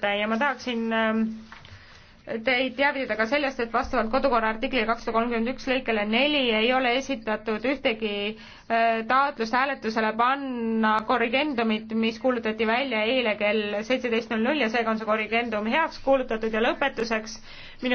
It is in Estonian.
juurde ja ma tahaksin ähm, teid teavitada ka sellest, et vastavalt kodukorra artikli kakssada kolmkümmend üks lõikele neli ei ole esitatud ühtegi äh, taotlust hääletusele panna korrigendumit, mis kuulutati välja eile kell seitseteist null null ja seega on see korrigendum heaks kuulutatud ja lõpetuseks minu